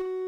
you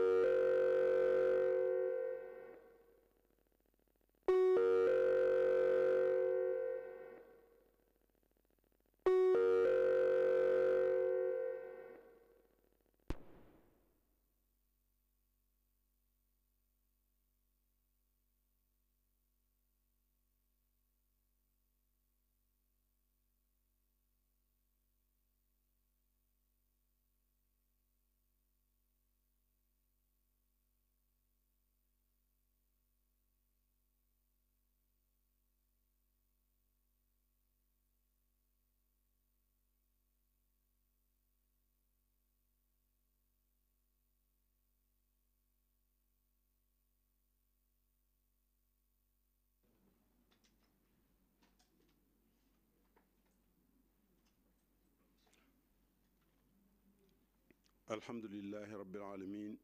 alhamdulilahi rabbil alamin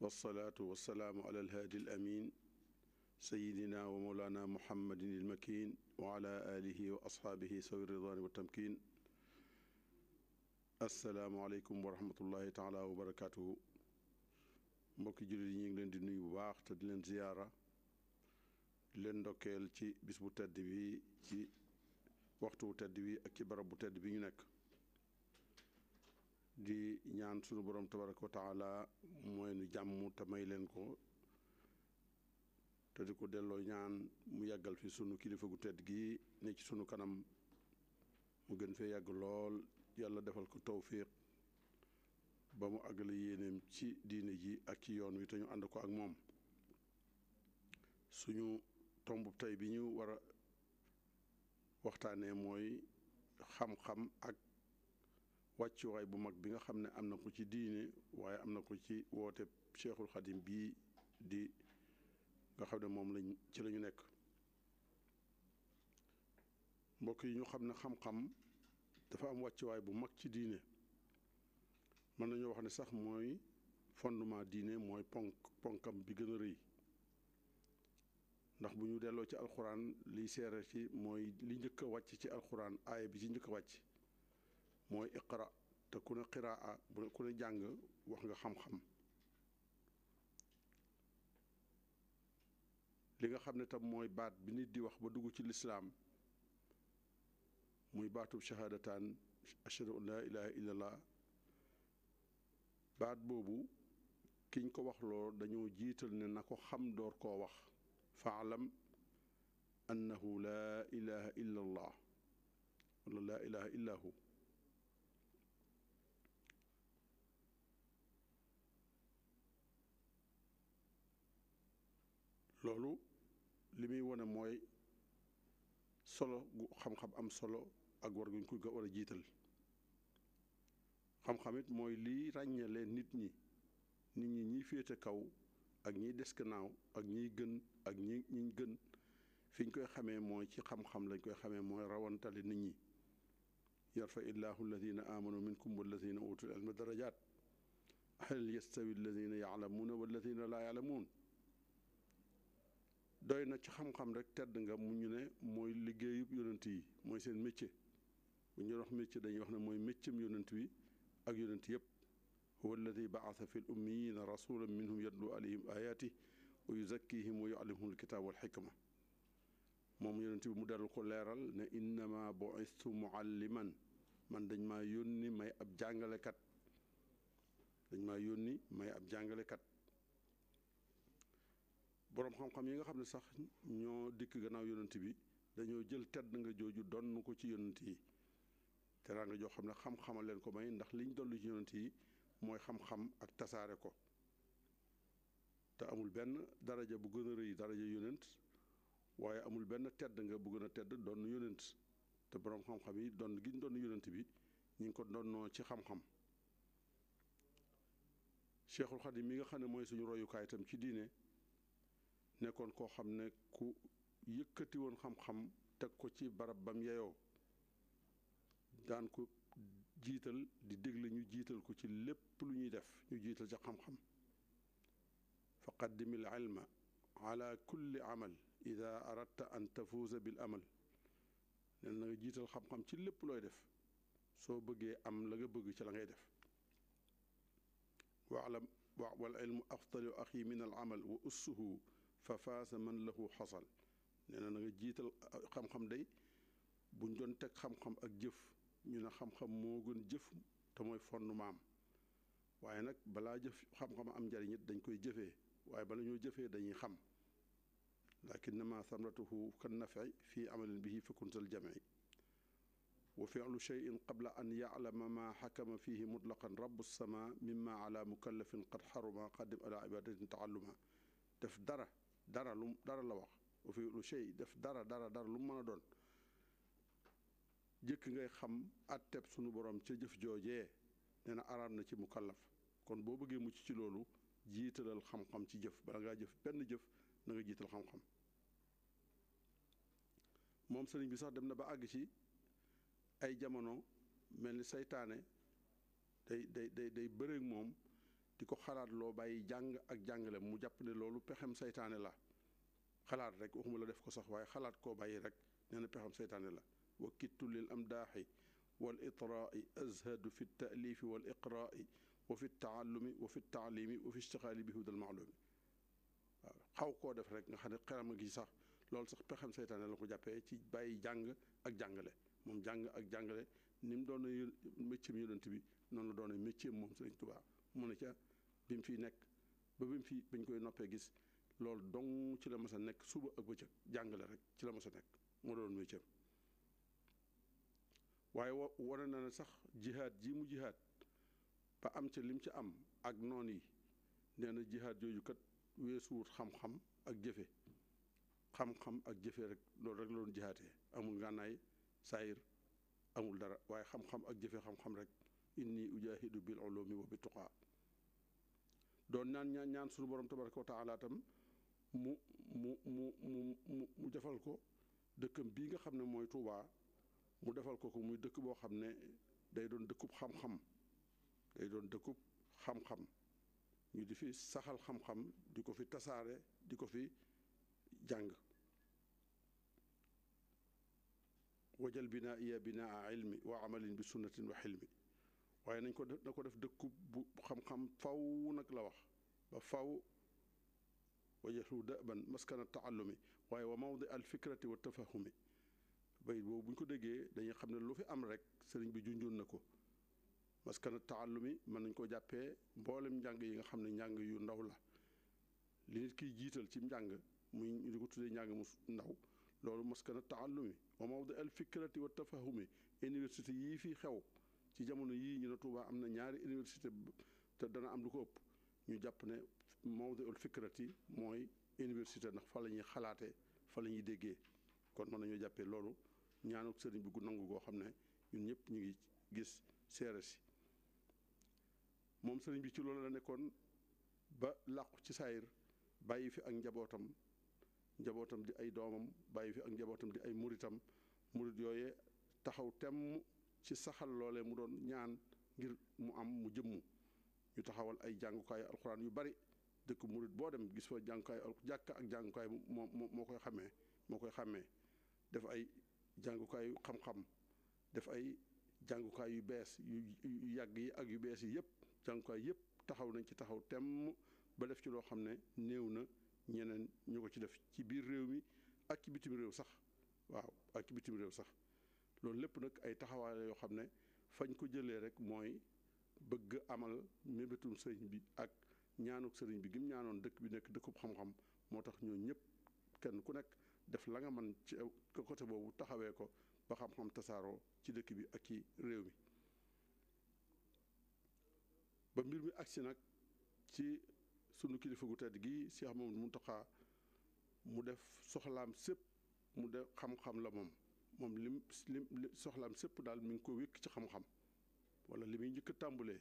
wasalaatu wasalaamu ala alhaadi al amin sayidina wa mawlana muhammadin il makin wa ala alihi wa ashaabihi sawi ridwaani wa tamkin asalaamualeykum wa rahmatullahi taala wa barakaatuhu mbokki jullit yi ñu ngi leen di nuyu bu baax te di leen ziyaara di leen ndokkeel ci bis bu tedd bi ci waxtu bu tedd bi ak ci barab bu tedd bi ñu nekk di ñaan sunu borom tabaraka wa taala mooy nu jàmm te may leen ko te di ko delloo ñaan mu yàggal fi sunu kilifa gu tedd gi ne ci sunu kanam mu gën fee yàgg lool yàlla defal ko tawfiq ba mu àggale yéeneem ci diine ji ak ci yoon wi te ñu ànd ko ak moom suñu tomb tey bi ñu war waxtaanee mooy xam-xam ak wàccuwaay bu mag bi nga xam ne am na ko ci diine waaye am na ko ci woote cheikhul xadim bii di nga xam ne moom lañ ci lañu nekk mbokk yi ñu xam ne xam-xam dafa am wàccuwaay bu mag ci diine mën nañu wax ne sax mooy fondement diine mooy ponk ponkam bi gën a rëy ndax bu ñu delloo ci alxuraan liy seere si mooy li njëkk wàcc ci alxuraan aaya bi ci njëkk a wàcc mooy iqra te ku ne qiraa bu ku ne jàng wax nga xam-xam li nga xam ne tam mooy baat bi nit di wax ba dugg ci lislaam muy baatub shahaadataan ashhadu an laa ilaha illa baat boobu kiñ ko wax loo dañoo jiital ne na ko xam door koo wax faalam annahu laa ilaha illa laa ilaha illa hu loolu li muy wane mooy solo gu xam-xam am solo ak war guñ ko war a jiital xam-xamit mooy liy ràññale nit ñi nit ñi ñiy féete kaw ak ñiy des gannaaw ak ñiy gën ak ñi ñiñ gën fi ñu koy xamee mooy ci xam-xam lañ koy xamee mooy rawantale nit ñi yarfa illahu alladina amanu minkum walladina utul ilma darajaat hal yastawi alladina yaalamuuna walladina laa yaalamuun doy na ci xam-xam rek tedd nga mu ñu ne mooy liggéeyub yonent yi mooy seen métier bu ñu wax métier dañuy wax ne mooy métiem yonent wi ak yonent yëpp huwa alladi baasa fi l ummiyina rasulan minhum yatlu alayhim ayaati wa yuzakkihim wa yuallimuhum alkitaab wal moom yonent bi mu dellu ko leeral ne innama buistu mualliman man dañ maa yónni may ab jàngalekat dañ may yónni may ab jàngalekat boroom xam-xam yi nga xam ne sax ñoo dikk gannaaw yonent bi dañoo jël tedd nga jooju donn ko ci yonent yi teraa nga joo xam ne xam leen ko may ndax liñ dollu ci yi mooy xam ak tasaare ko te amul benn daraja bu gën a rëy daraja yonent waaye amul benn tedd nga bu gën a tedd donn yonent te boroom xam-xam yi donn giñ donn yonent bi ñi ngi ko donnoo ci xam-xam Cheikhul Xadim mi nga xam ne mooy suñu royukaay itam ci diine nekkoon koo xam ne ku yëkkati woon xam-xam teg ko ci barab bam mu yeyoo daan ko jiital di dégle ñu jiital ko ci lépp lu ñuy def ñu jiital ca xam-xam fa qaddim il ilma ala kulli amal ida aradta an tafuusa bil amal nen na nga jiital xam-xam ci lépp looy def soo bëggee am la nga bëgg ci la ngay def waalam wal ilmu afdalu axi min al amal wa ussuhu fa faasa man lahu xasal nee na nga jiital uh, xam-xam day buñ doon teg xam-xam ak jëf ñu ne xam-xam moo gën jëf te mooy fondement am waaye nag balaa jëf xam-xam am njariñ dañ koy jëfee waaye bala ñoo jëfee dañuy xam lakin nama samratuhu kan nafi fii amalin bihi fakuntal jamci wa filu cheyin qabla an yaclama maa xakama fihi mutlaqan rabu sama mimma ala mukallafin qad xaruma qadim ala ibadatin taalluma def dara dara lu dara la wax bu fi lu sey def dara dara dara lu mën a doon jëkk ngay xam atteb sunu borom ca jëf joojee nee na araam na ci mukallaf kon boo bëggee mucc ci loolu jiitalal xam-xam ci jëf bala ngaa jëf benn jëf na jiital xam-xam moom sëriñ bi sax dem na ba àgg ci ay jamono mel ni seytaane day day day day bëreeg moom di ko xalaat loo bàyyi jàng ak jàngale mu jàpp ne loolu pexem saytaane la xalaat rek waxuma def ko sax waaye xalaat koo bàyyi rek nee na pexem saytaane la wa kittu lil amdaaxi wal itraai azhadu fi taalifi wal iqraai wa fi taallumi wa fi taalimi wa fi istixaali bi hudal maalumi xaw koo def rek nga xam ne xelam gi sax loolu sax pexem saytaane la ko jàppee ci bàyyi jàng ak jàngale moom jàng ak jàngale ni mu doon métier yonent bi noonu la doon métier moom Sëriñ Tuubaa mu ne ca bi fi fiy nekk ba bi mu fi bañ koy noppee gis loolu dong ci la mës a nekk suba ak bëccëg jàngale rek ci la mës a nekk moo doon métier waaye wane na ne sax jihaad ji mu jihaad ba am ca lim ci am ak noon yi nee na jihaad jooju kat weesuwut xam-xam ak jëfe xam-xam ak jëfe rek loolu rek la doon jihaatee amul ngànnaay saayir amul dara waaye xam-xam ak jëfe xam-xam rek inni ujaahidu bil ulumi wa bi tuqaa doon ñaan ñaan ñaan suñu borom tabaraka wa taala tam mu mu mu mu mu defal ko dëkkam bii nga xam ne mooy Touba mu defal ko ko muy dëkk boo xam ne day doon dëkkub xam-xam day doon dëkkub xam-xam ñu di fi saxal xam-xam di ko fi tasaare di ko fi jàng wajal binaa iya binaa ilmi wa amalin bi sunnatin wa xilmi waaye nañ ko def na ko def dëkku bu xam-xam faw nag la wax ba faw wajahu daban maskana taallumi waaye wa mawdi al fikrati wa tafahumi bayit boobu bu ñu ko déggee dañuy xam ne lu fi am rek sëriñ bi junjoon na ko maskana taallumi mën nañ ko jàppee mboolem njàng yi nga xam ne njàng yu ndaw la li nit kiy jiital ci njàng muy ñu ko tuddee njàng mu ndaw loolu maskana taallumi wa mawdi al fikrati wa tafahumi université yii fii xew ci jamono yii ñu ne Touba am na ñaari université te dana am lu ko ëpp ñu jàpp ne mawdiul fikrati mooy université ndax fa la ñuy xalaatee fa la ñuy déggee kon mën nañoo jàppee loolu ñaanuk sëriñ bi gu nangu goo xam ne ñun ñëpp ñu ngi gis seere si moom sëriñ bi ci loolu la nekkoon ba làqu ci saayir bàyyi fi ak njabootam njabootam di ay doomam bàyyi fi ak njabootam di ay muritam murit yooyee taxaw temm ci saxal loole mu doon ñaan ngir mu am mu jëmm ñu taxawal ay jàngukaayu alxuraan yu bari dëkk murit boo dem gis fa jàngukaayu jàkka ak jàngukaay moo moo koy xamee moo koy xàmmee def ay jàngukaayu xam-xam def ay jàngukaay yu bees yu yàgg yi ak yu bees yi yëpp jàngukaay yëpp taxaw nañ ci taxaw temm ba def ci loo xam ne néew na ñeneen ñu ko ci def ci biir réew mi ak ci bitim réew sax waaw ak ci bitim réew sax loolu lépp nag ay taxawaay yoo xam ne fañ ko jëlee rek mooy bëgg amal mébétum sëriñ bi ak ñaanu sëriñ bi gim ñaanoon dëkk bi nekk dëkkub xam-xam moo tax ñoo ñëpp kenn ku nekk def la nga man ci côté boobu taxawee ko ba xam tasaaroo ci dëkk bi ak ci réew mi ba mbir mi agsi nag ci sunu kilifa gu tedd gi Cheikh Mamadou Mountakha mu def soxlaam sépp mu def xam-xam la moom moom lim lim soxlaam sépp daal mi ngi ko wékk ci xam-xam wala li muy njëkk a tàmbalee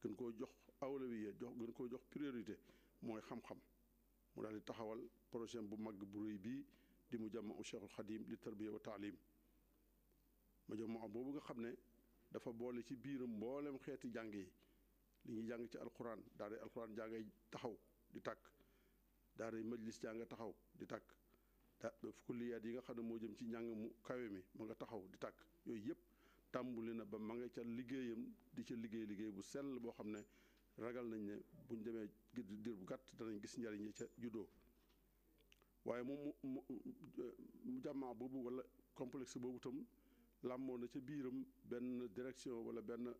gën koo jox awlawiya jox gën koo jox priorité mooy xam-xam mu daal di taxawal projet bu mag bu rëy bii di mu jàmm u Cheikhul Xadim li tarbiya wa taalim ma jom ma am boobu nga xam ne dafa boole ci biiram mboolem xeeti jàng yi li ñuy jàng ci alxuraan alquran daara alquran jàngay taxaw di tàkk daara majlis jàng taxaw di tàkk da kulliyaat yi nga xam ne moo jëm ci njàng mu kawe mi ma nga taxaw di tàkk yooyu yëpp tàmbuli na ba ma nga ca liggéeyam di ca liggéey liggéey bu sell boo xam ne ragal nañu ne buñ demee diir bu gàtt danañ gis njariñ yi ca juddoo waaye moom mu mu euh, jàmmaa boobu wala complexe boobu itam làmmoo na ca biiram benn direction wala benn euh,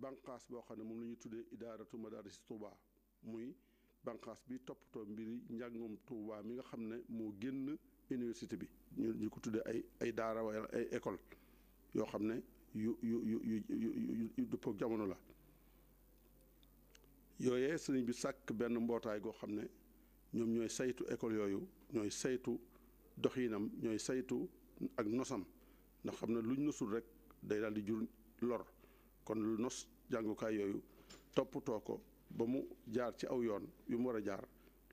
banqaas boo xam ne moom la ñuy tuddee idaaratu madaris Touba muy banqaas bi toppatoo mbir njàngum Touba mi nga xam ne moo génn université bi ñu ñu ko tuddee ay ay daara wala ay école yoo xam ne yu yu yu yu yu dëppook jamono la yooyee sëriñ bi sàkk benn mbootaay goo xam ne ñoom ñooy saytu école yooyu ñooy saytu doxinam ñooy saytu ak nosam ndax xam ne luñ nosul rek day daal di jur lor kon lu nos jàngukaay yooyu toppatoo ko ba mu jaar ci aw yoon yu mu war a jaar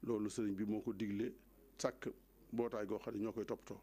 loolu sëriñ bi moo ko digle sàkk mbootaay goo xam ne ñoo koy toppatoo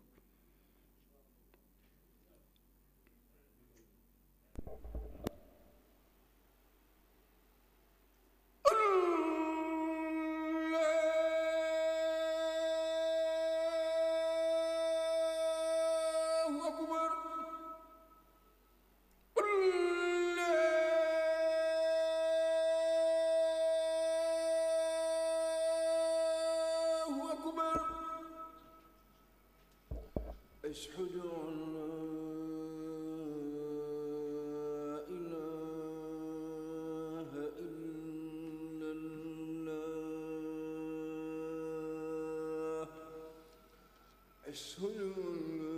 mesulüm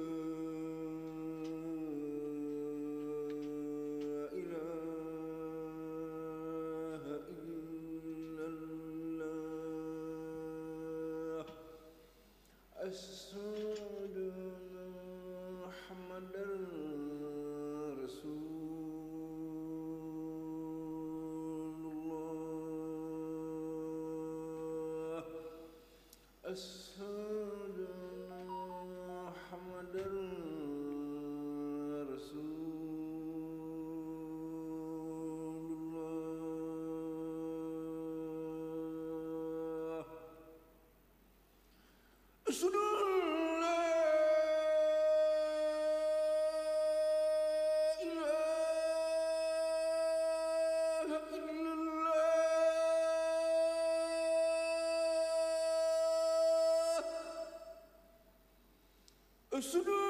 Resulü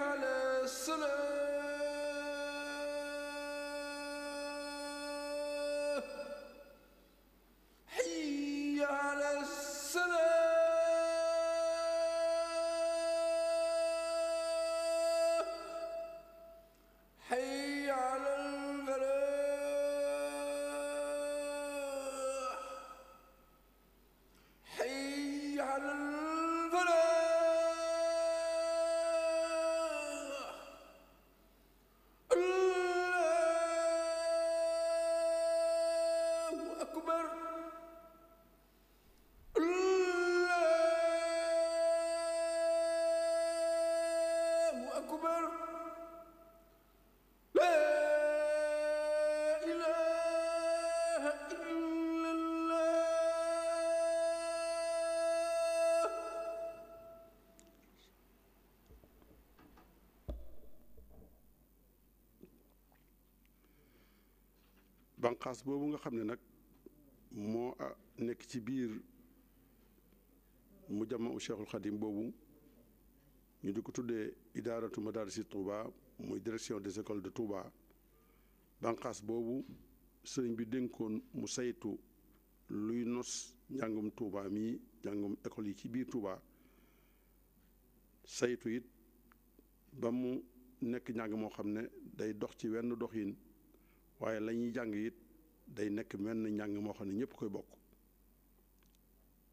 على السلام bànqaas boobu nga xam ne nag moo ah, nekk ci biir mu jàmm Cheikhul Khadim boobu ñu di ko tuddee idaaratu madarisi Touba muy direction des écoles de Touba banqaas boobu sëriñ bi dénkoon mu saytu luy nos njàngum Touba mii njàngum école yi ci biir Touba saytu it ba mu nekk njàng moo xam ne day dox ci wenn doxin waaye la ñuy jàng it day nekk menn njàng moo xam ne ñëpp koy bokk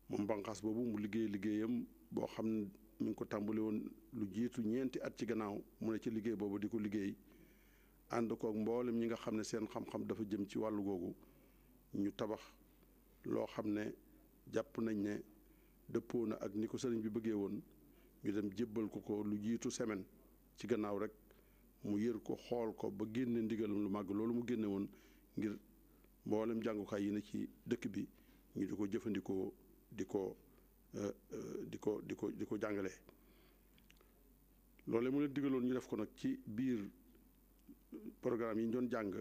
moom banqaas boobu mu liggéey liggéeyam boo xam ne mi ngi ko tàmbali woon lu jiitu ñeenti at ci gannaaw mu ne ci liggéey boobu di ko liggéey ànd koog mbooleem ñi nga xam ne seen xam-xam dafa jëm ci wàllu googu ñu tabax loo xam ne jàpp nañ ne dëppoo na ak ni ko sëriñ bi bëggee woon ñu dem jébbal ko ko lu jiitu semaine ci gannaaw rek mu yër ko xool ko ba génne ndigalam lu màgg loolu mu génne woon ngir mboolem jàngukaay yi ne ci dëkk bi ñu di ko jëfandikoo di ko euh, euh, di ko di ko di ko jàngale loole mu leen digaloon ñu def ko nag ci biir programme yi ñu doon jàng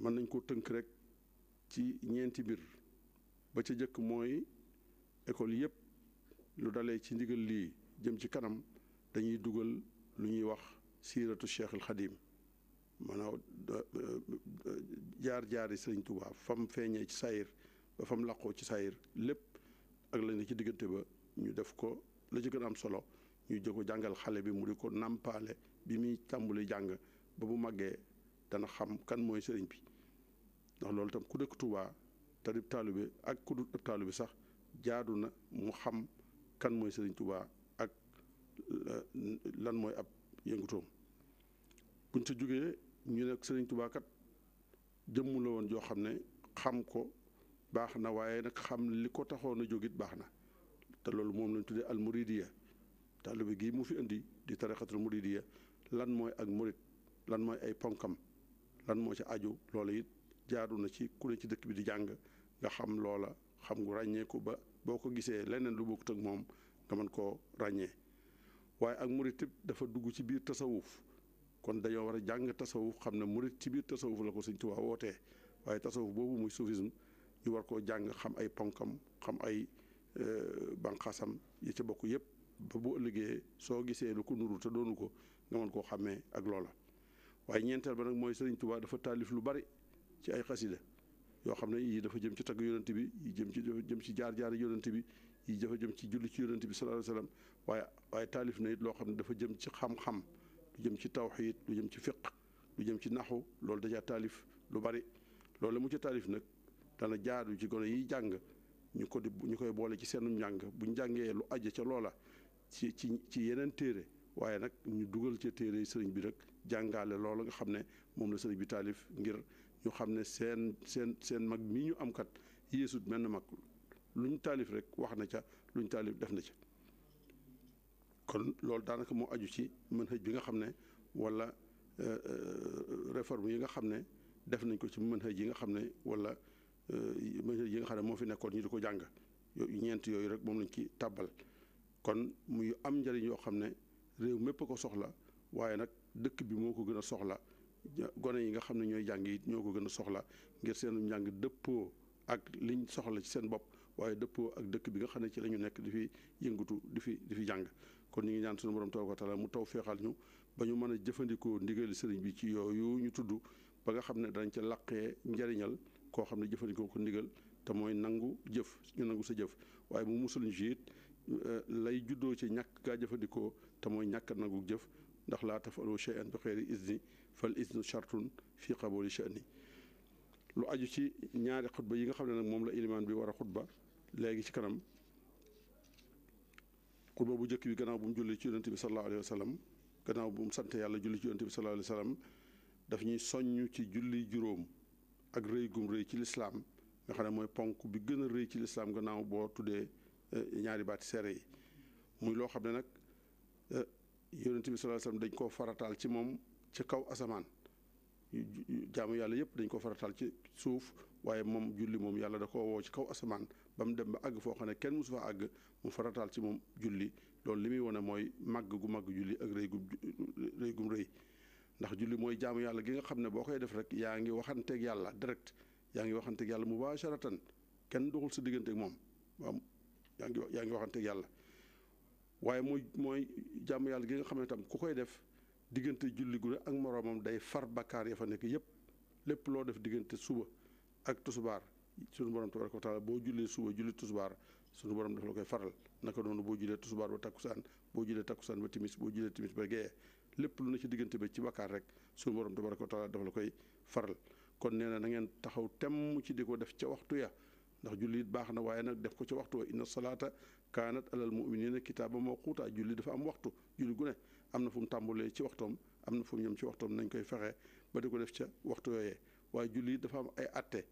mën nañ koo tënk rek ci ñeenti mbir ba ca jëkk mooy école yépp lu dalee ci ndigal lii jëm ci kanam dañuy dugal lu ñuy wax siiratu Cheikh al maanaam jaar-jaari sëriñ Touba fam feeñee ci sayir ba fam laqoo ci sayir lépp ak lañ ne ci diggante ba ñu def ko la ci gën a am solo ñu jëko jàngal xale bi mu di ko nàmpaale bi muy tàmbali jàng ba bu màggee dana xam kan mooy sëriñ bi ndax loolu tam ku dëkk Touba te di bi ak ku dul bi sax jaadu na mu xam kan mooy sëriñ Touba ak lan mooy ab yëngutoom buñ ca jógee ñu nekk sëriñ Tuubaa kat jëmm la woon joo xam ne xam ko baax na waaye nag xam li ko taxoon a jógit baax na te loolu moom lañu tuddee al muridiya taalibe gii mu fi indi di tarixatul muridiya lan mooy ak murid lan mooy ay ponkam lan moo ci aju loola it jaadu na ci ku ne ci dëkk bi di jàng nga xam loola xam ngu ràññeeku ba boo ko gisee leneen lu bokkut ak moom nga mën koo ràññee waaye ak murid dafa dugg ci biir tasawuf kon dañoo war a jàng tasawuf xam ne mu ci biir tasawuf la ko Sëñ Tuubaa wootee waaye tasawuf boobu muy soufisme ñu war koo jàng xam ay ponkam xam ay euh, banqaasam yi ca bokk yépp ba bu ëllëgee soo gisee lu ko nuru te doonu ko nga mën koo xàmmee ak loola waaye ñeenteel ba nag mooy Sëriñ Tuubaa dafa taalif lu bari ci ay xasida yoo xam ne yii dafa jëm ci tagg yonent bi yi jëm ci dafa jëm ci jaar-jaar yonent bi yi dafa jëm ci julli ci yonent bi sallallahu alayhi waaye waaye taalif na it loo xam ne dafa jëm ci xam-xam lu jëm ci tawxiid lu jëm ci fiq lu jëm ci naxu loolu dajaa taalif lu bari loolu la mu ci taalif nag dana jaadu ci gone yi jàng ñu ko di ñu koy boole ci seen njàng buñ jàngee lu aja ca loola ci ci ci yeneen téere waaye nag ñu dugal ca téere sëriñ bi rek jàngaale loola nga xam ne moom la sëriñ bi taalif ngir ñu xam ne seen seen seen mag mii ñu amkat kat yéesut menn mag luñ taalif rek wax na ca luñ taalif def na ca kon loolu daanaka moo aju ci manhaj bi nga xam ne wala euh, euh, réforme yi nga xam ne def nañ ko ci manhaj yi nga xam ne wala euh, manhaj yi nga xam ne moo fi nekkoon ñu di ko jàng yooyu ñeent yooyu rek moom lañ ci tàbbal kon muy am njëriñ yoo xam ne réew mépp ko soxla waaye nag dëkk bi moo ko gën a soxla gone yi nga xam ne ñooy jàng yi ñoo ko gën a soxla ngir seen njàng dëppoo ak liñ soxla ci seen bopp waaye dëppoo ak dëkk bi nga xam ne ci la ñu nekk di fi yëngatu di fi di fi jàng kon ñu ngi ñaan suñu borom ko taala mu taw feexal ñu ba ñu mën a jëfandikoo ndigal sëriñ bi ci yooyu ñu tudd ba nga xam ne danañ ca laqee njariñal koo xam ne jëfandikoo ko ndigal te mooy nangu jëf ñu nangu sa jëf waaye mu musul ñu ci euh, lay juddoo ci ñàkk gaa jëfandikoo te mooy ñàkk nangu jëf ndax laa tafalu shay'an bi xeyri izni fal iznu shartun fi qabuli sha'ni lu aju ci ñaari xutba yi nga xam ne nag moom la ilimaan bi war a léegi ci kanam xutba bu njëkk bi gannaaw bu mu julli ci yonent bi sallallahu alayhi wa sallam gannaaw bu yàlla julli ci bi sallallahu alayhi wa daf ñuy soññ ci julli juróom ak rëy gum rëy ci lislaam nga xam ne mooy ponk bi gën a rëy ci lislaam gannaaw boo tuddee eh, ñaari baati seere yi muy loo xam ne nag eh, yonent bi sallallahu alayhi dañ koo farataal ci moom ci kaw asamaan jaamu yàlla yëpp dañ ko farataal ci suuf waaye moom julli moom yàlla da ko woo ci kaw asamaan ba mu dem ba àgg foo xam ne kenn mosu fa àgg mu farataal ci moom julli loolu li muy wane mooy màgg gu màgg julli ak rëy gu rëy gum rëy ndax julli mooy jaamu yàlla gi nga xam ne boo koy def rek yaa ngi waxanteeg yàlla direct yaa ngi waxanteeg yàlla mubasharatan kenn doxul sa digganteeg moom yaa ngi yaa ngi waxanteeg yàlla waaye mooy mooy jaamu yàlla gi nga xam ne tam ku koy def diggante julli gu ne ak moroomam day far bakkaar ya fa nekk yépp lépp loo def diggante suba ak tusubaar sunu borom tabaraka wa boo jullee suba julli tusbaar sunu borom daf la koy faral naka noonu boo jullee tusbaar ba takkusaan boo jullee takkusaan ba timis boo jullee timis ba gee lépp lu na ci diggante bi ci bakkaar rek sunu borom tabaraka wa taala daf la koy faral kon nee na na ngeen taxaw temm ci di ko def ca waxtu ya ndax julli baax na waaye nag def ko ca waxtu wa inna salaata kaanat alal muminina kitaaba mawquuta julli dafa am waxtu julli gu ne am na fu mu tàmbalee ci waxtoom am na fu ñoom ci waxtoom nañ koy fexe ba di ko def ca waxtu yooyee waaye julli dafa am ay atte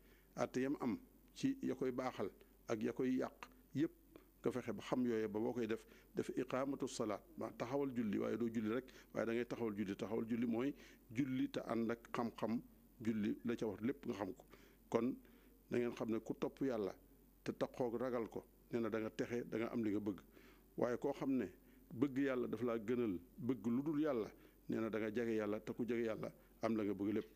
àtte yam am ci ya koy baaxal ak ya koy yàq yépp nga fexe ba xam yooye ba boo koy def def iqaamatu salaat ma taxawal julli waaye doo julli rek waaye dangay ngay taxawal julli taxawal julli mooy julli te ànd ak xam-xam julli la ca war lépp nga xam ko kon da ngeen xam ne ku topp yàlla te taqoog ragal ko nee na danga texe danga am li nga bëgg waaye koo xam ne bëgg yàlla daf laa gënal bëgg lu dul yàlla nee na da nga jege yàlla te ku jege yàlla am la nga bëgg lépp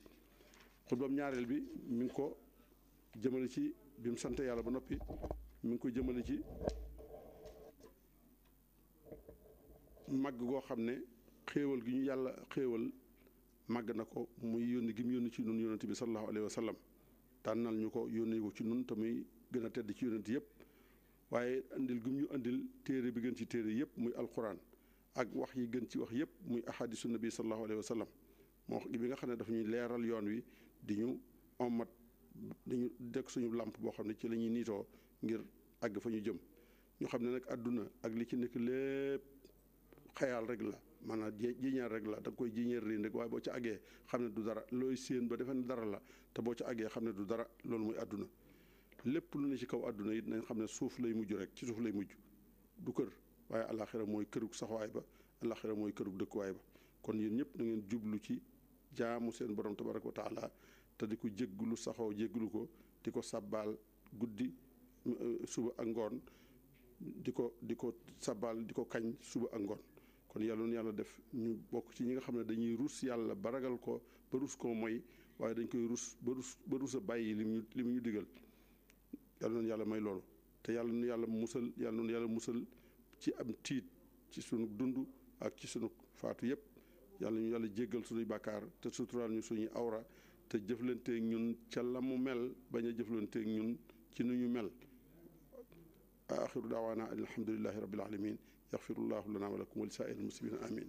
jëmale ci bi mu sant yàlla ba noppi mi ngi ko jëmale ci màgg goo xam ne xéewal gi ñu yàlla xéewal màgg na ko muy yónni gi mu yónni ci nun yónnent bi sallallahu alayhi wa sallam ñu ko yónni ko ci nun te muy gën a tedd ci yónnent yëpp waaye andil gi mu ñu téere bi gën ci téere yëpp muy alxuraan ak wax yi gën ci wax yëpp muy ahadisu nabi sallallahu alayhi wa moo bi nga xam ne dafa ñuy leeral yoon wi di ñu ommat dañu dekk suñu làmp boo xam ne ci lañuy ñuy niitoo ngir àgg fa ñu jëm ñu xam ne nag àdduna ak li ci nekk lépp xayaal rek la maanaam jiñaar rek la da koy jiñaar lii rek waaye boo ci àggee xam ne du dara looy séen ba defe dara la te boo ci àggee xam ne du dara loolu mooy àdduna lépp lu ne ci kaw àdduna yi nañ xam ne suuf lay mujj rek ci suuf lay mujj du kër waaye alaxira mooy kërug saxwaay ba alaxira mooy kërug dëkkuwaay ba kon yéen ñëpp na ngeen jublu ci jaamu seen borom tabaraka wa taala te di ko jégglu saxoo jégglu ko di ko sabbaal guddi euh, suba ak ngoon di ko di ko sabbaal di ko kañ suba ak ngoon kon yàlla na yàlla def ñu bokk ci ñi nga xam ne dañuy rus yàlla ba ragal ko ba rus koo mooy waaye dañ koy rus ba rus ba bàyyi li mu ñu li mu ñu digal yàlla na yàlla may loolu te yàlla na yàlla musal yàlla na yàlla musal ci am tiit ci sunu dund ak ci sunu faatu yépp yàlla ñu yàlla jéggal sunuy bàkkaar te suturaal ñu suñuy awra te jëflanteeg ñun ca la mu mel bañ a jëflanteeg ñun ci nu ñu mel axiru daawaana alhamdulillahi rabbil alamin yaxfirullahu lana wa lakum wa lisaa'iril muslimin amin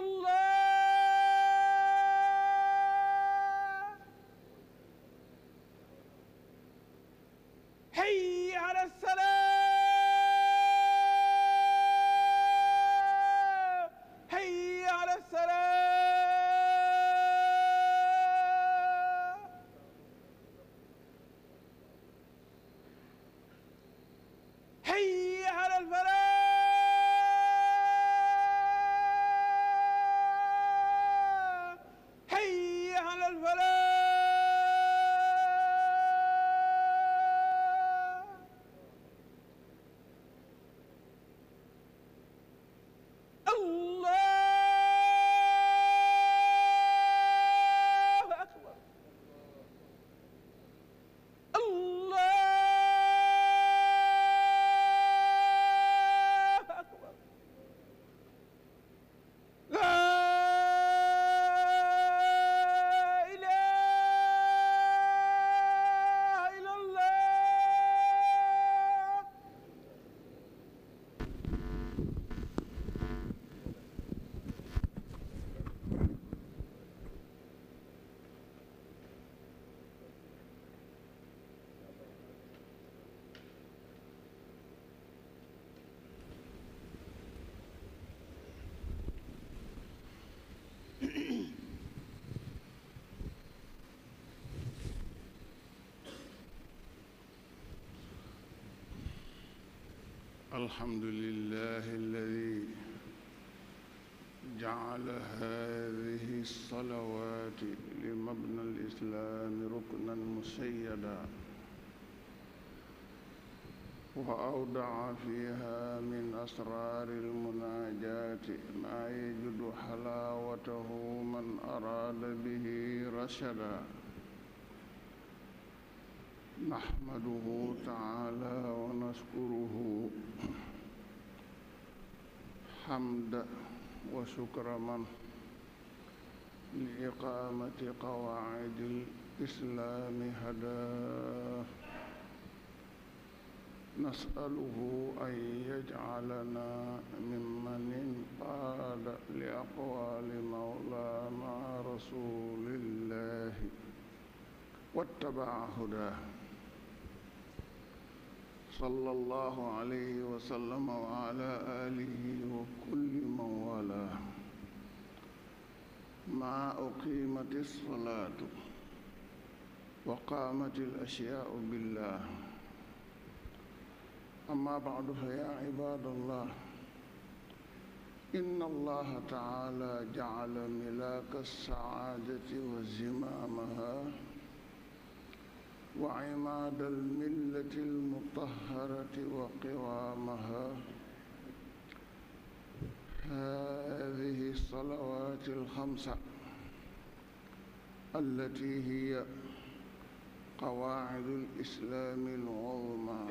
Hey! الحمد لله الذي جعل هذه الصلوات لمبنى الإسلام ركنا مسيدا وأودع فيها من أسرار المناجاة ما يجد حلاوته من أراد به رشدا نحمده تعالى ونشكره حمد وشكر من لإقامة قواعد الإسلام هداه نسأله أن يجعلنا ممن انقاد لأقوال مولانا رسول الله واتبع هداه صلى الله عليه وسلم وعلى آله وكل من والاه ما أقيمت الصلاة وقامت الأشياء بالله أما بعد فيا عباد الله إن الله تعالى جعل ملاك السعادة وزمامها وعماد الملة المطهرة وقوامها هذه الصلوات الخمسة التي هي قواعد الإسلام العظمى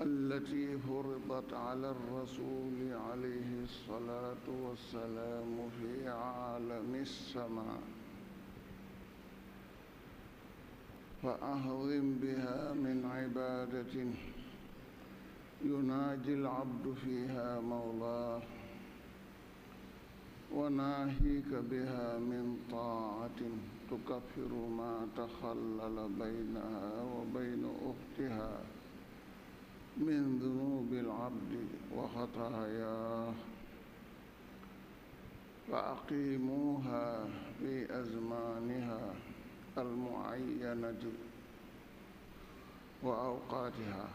التي فرضت على الرسول عليه الصلاة والسلام في عالم السماء فأهضم بها من عبادة يناجي العبد فيها مولاه وناهيك بها من طاعة تكفر ما تخلل بينها وبين أختها من ذنوب العبد وخطاياه فأقيموها في أزمانها المعينة وأوقاتها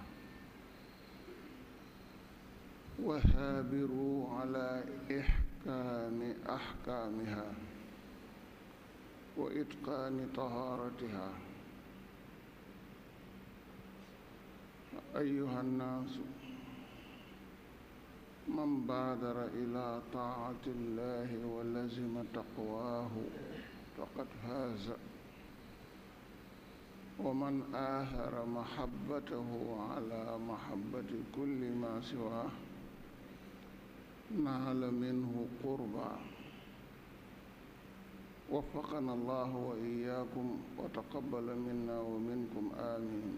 وثابروا على إحكام أحكامها وإتقان طهارتها أيها الناس من بادر إلى طاعة الله ولزم تقواه فقد فاز ومن آثر محبته على محبة كل ما سواه نال منه قربا وفقنا الله وإياكم وتقبل منا ومنكم آمين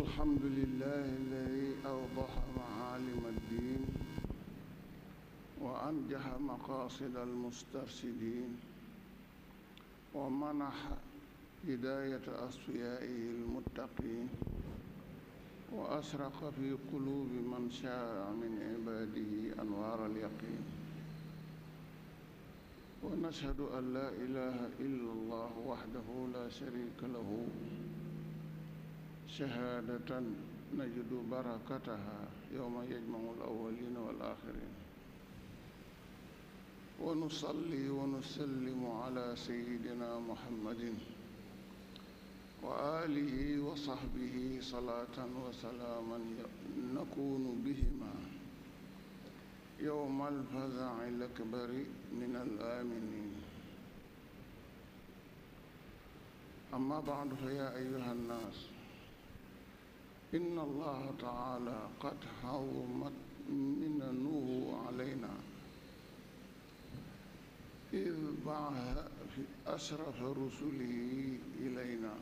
الحمد لله الذي أوضح معالم الدين وأنجح مقاصد المسترشدين ومنح هداية أصفيائه المتقين وأشرق في قلوب من شاء من عباده أنوار اليقين ونشهد أن لا إله إلا الله وحده لا شريك له شهادة نجد بركتها يوم يجمع الأولين والآخرين ونصلي ونسلم على سيدنا محمد وآله وصحبه صلاة وسلاما نكون بهما يوم الفزع الأكبر من الآمنين أما بعد فيا أيها الناس إن الله تعالى قد هومت مننه علينا إذ بعث أشرف رسله إلينا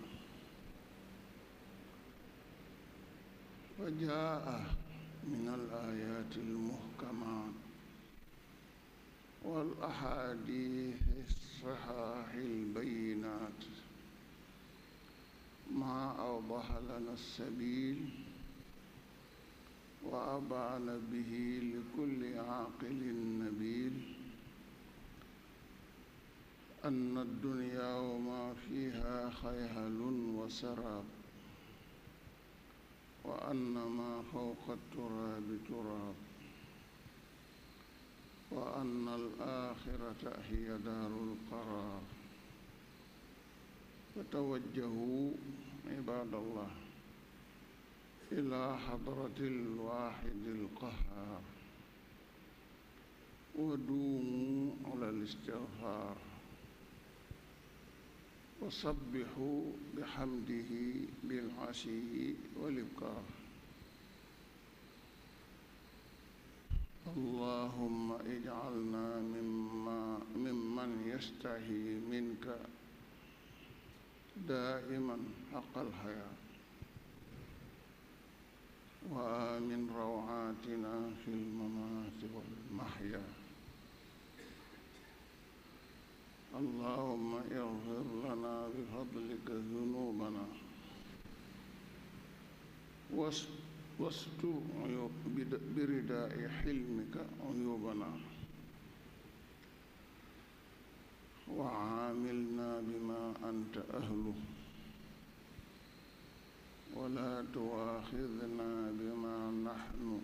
وجاء من الآيات المحكمات والأحاديث الصحاح البينات ما أوضح لنا السبيل وأبان به لكل عاقل نبيل أن الدنيا وما فيها خيهل وسراب وأن ما فوق التراب تراب وأن الآخرة هي دار القرار فتوجهوا عباد الله إلى حضرة الواحد القهار ودوموا على الاستغفار وسبحوا بحمده بالعشي والإبكار اللهم اجعلنا مما ممن يستحي منك دائما حق الحياة وآمن روعاتنا في الممات والمحيا اللهم اغفر لنا بفضلك ذنوبنا واستر برداء حلمك عيوبنا وعاملنا بما أنت أهله ولا تؤاخذنا بما نحن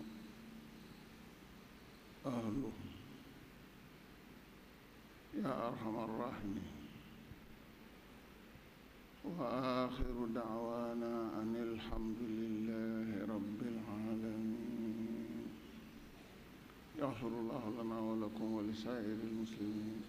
أهله يا أرحم الراحمين وآخر دعوانا أن الحمد لله رب العالمين يغفر الله لنا ولكم ولسائر المسلمين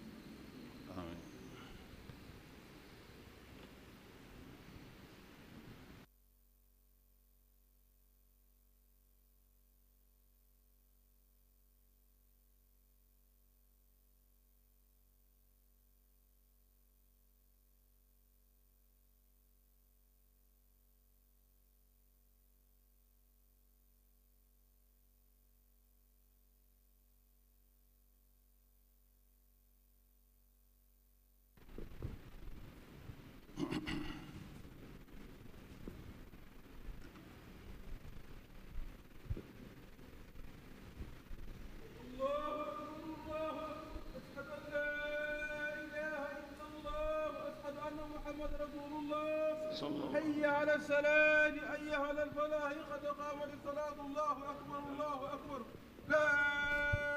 الصلاة أيها الفلاح قد قامت الصلاة الله أكبر الله أكبر لا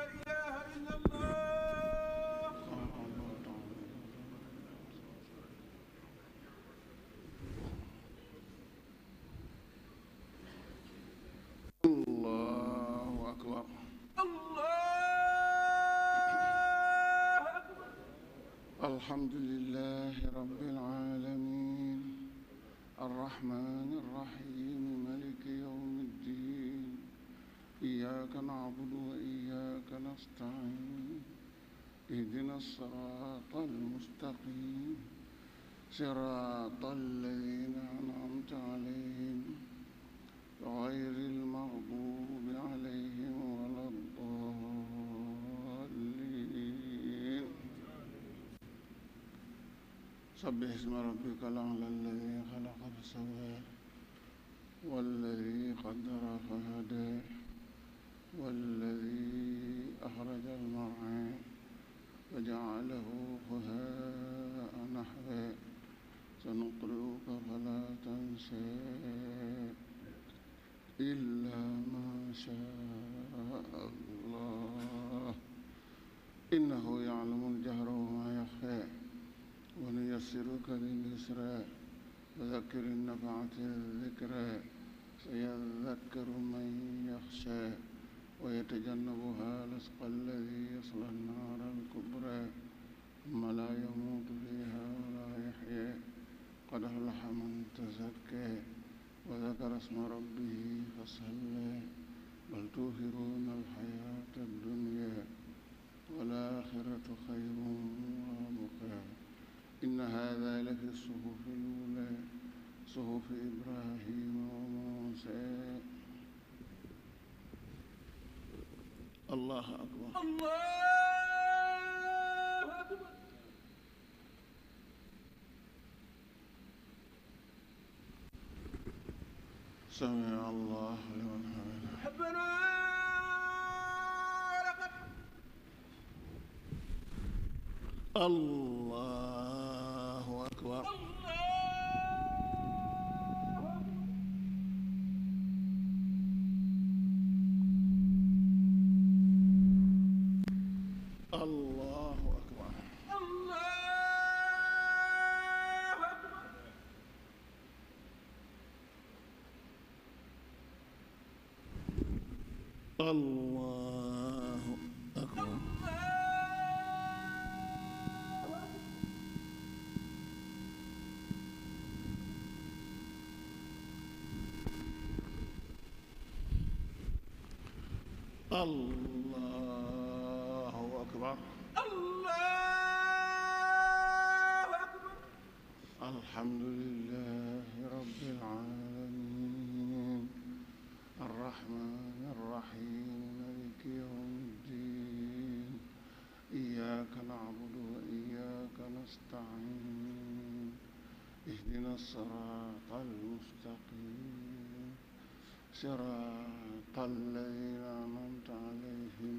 إله إلا الله الله أكبر الله أكبر الحمد لله رب العالمين الرحمن الرحيم ملك يوم الدين إياك نعبد وإياك نستعين اهدنا الصراط المستقيم صراط الذين أنعمت عليهم غير المغضوب عليهم ولا الضالين سبح اسم ربك الأعلى الذي فسوى والذي قدر فهدى نفعت الذكرى سيذكر من يخشى ويتجنبها الأشقى الذي يصلى النار الكبرى ثم لا يموت فيها ولا يحيى قد أفلح من تزكى وذكر اسم ربه فصلى بل توفرون الحياة الدنيا والآخرة خير وأبقى إن هذا لفي الصحف صحف إبراهيم وموسى الله أكبر الله أكبر سمع الله لمن حمده حبنا لقد الله allahu akbar allahu akbar allahu akbar alhamdulillah الصراط المستقيم صراط الذين أنعمت عليهم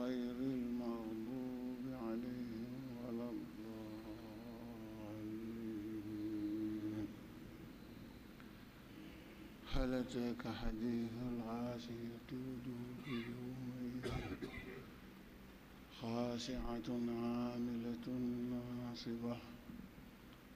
غير المغضوب عليهم ولا الضالين هل أتاك حديث الغاشية وجوه يومئذ خاشعة عاملة ناصبة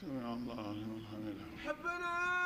سمع الله لمن حمده ربنا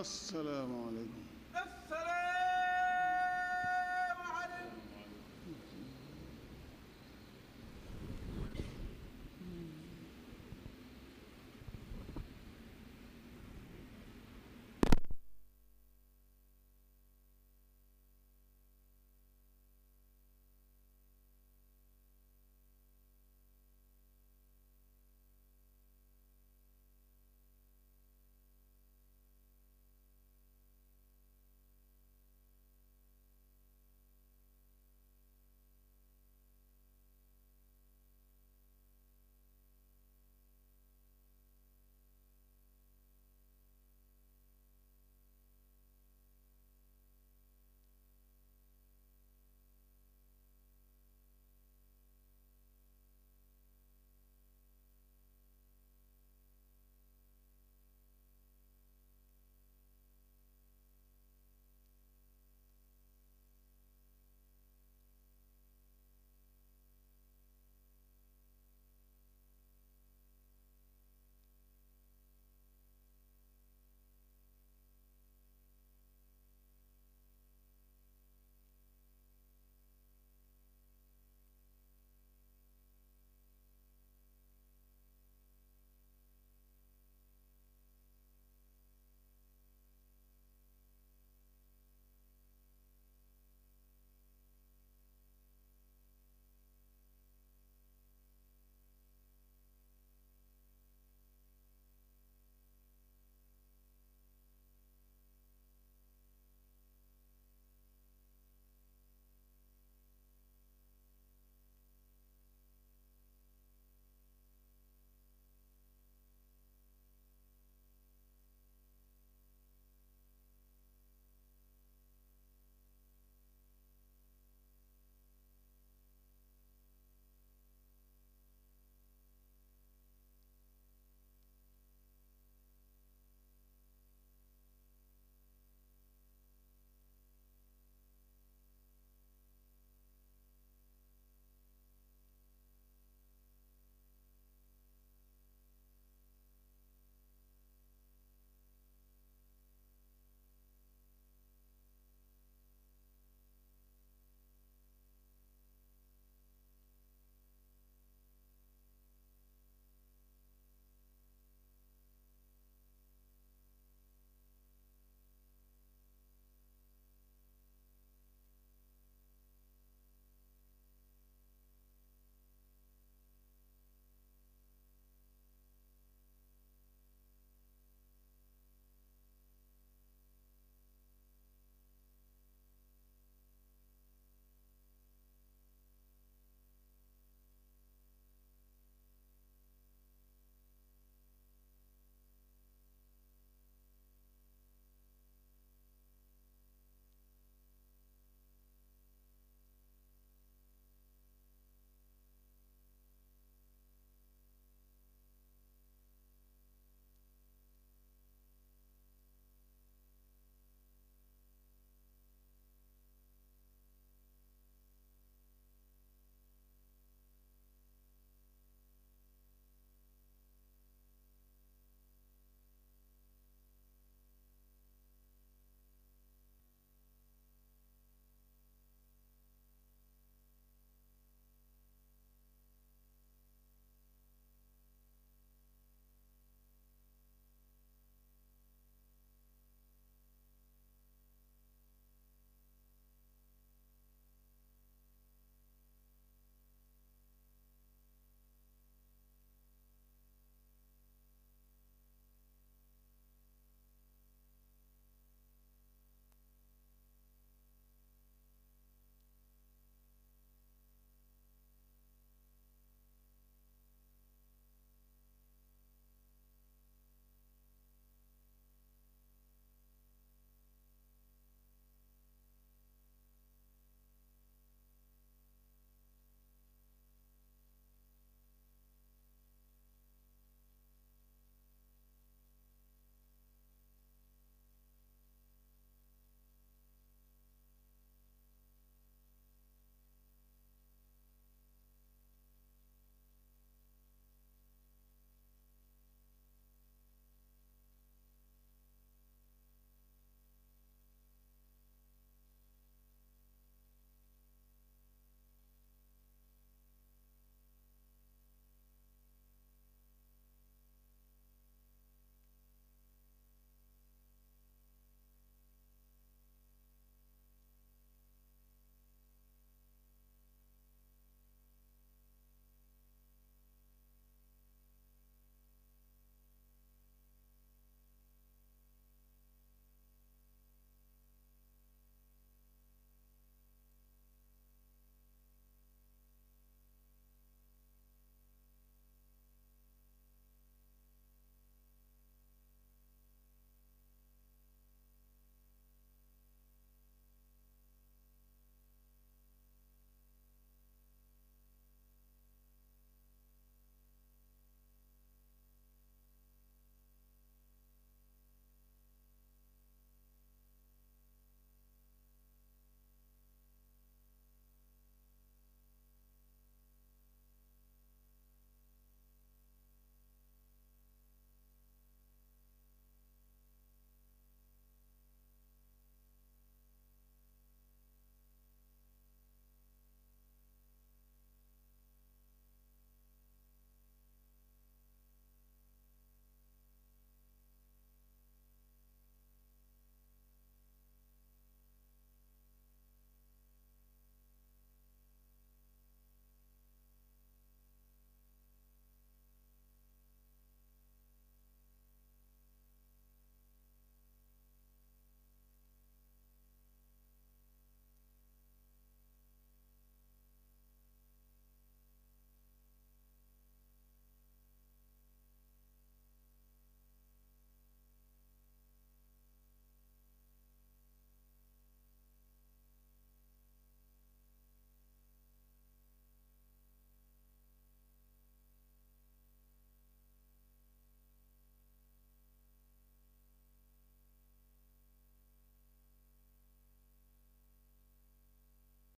asalaamaaleykum